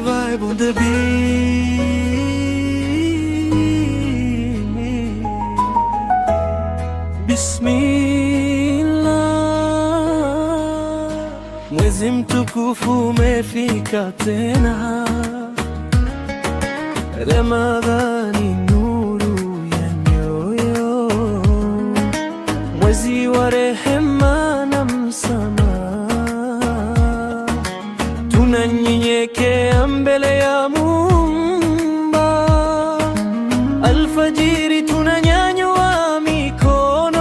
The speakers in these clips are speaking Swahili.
vibe on the beat Bismillah Mwezi mtukufu umefika tena Ramadhani Mwezi wa rehema na msamaha, tunanyenyekea mbele ya Muumba. Alfajiri tunanyanyua mikono,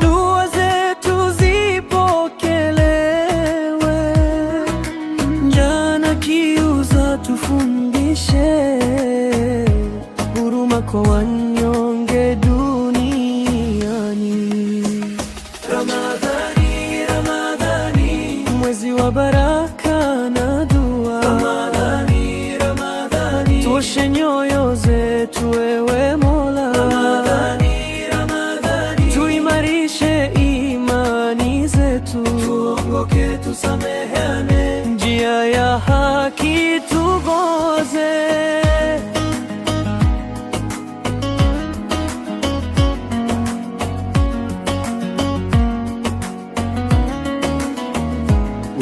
dua zetu zipokelewe. Njaa na kiu tufundishe huruma kwa wanyonge wa baraka na dua. Ramadhani, Ramadhani, tuoshe nyoyo zetu wewe Mola. Ramadhani, Ramadhani, tuimarishe imani zetu, tuongoke, tusameheane njia ya haki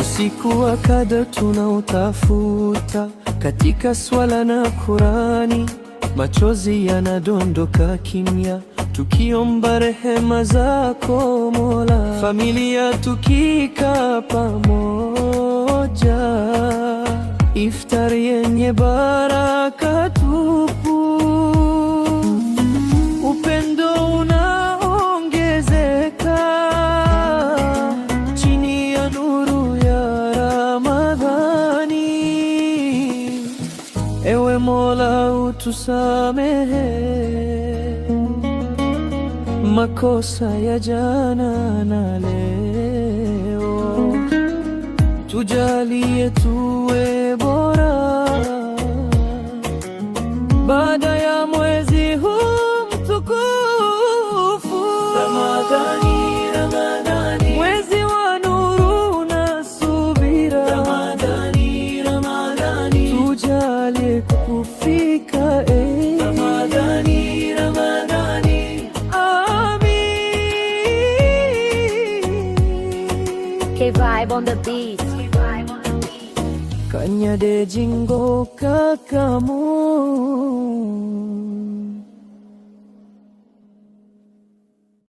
usiku wa kadha tunautafuta katika swala na Kurani, machozi yanadondoka kimya, tukiomba rehema zako Mola, familia tukikaa pamoja, iftari yenye baraka Ewe Mola utusamehe makosa ya jana na leo, tujalie tuwe bora baada فيك إيه رمضاني رمضاني آمين que vibe on the beat Kanya de jingo ka kamu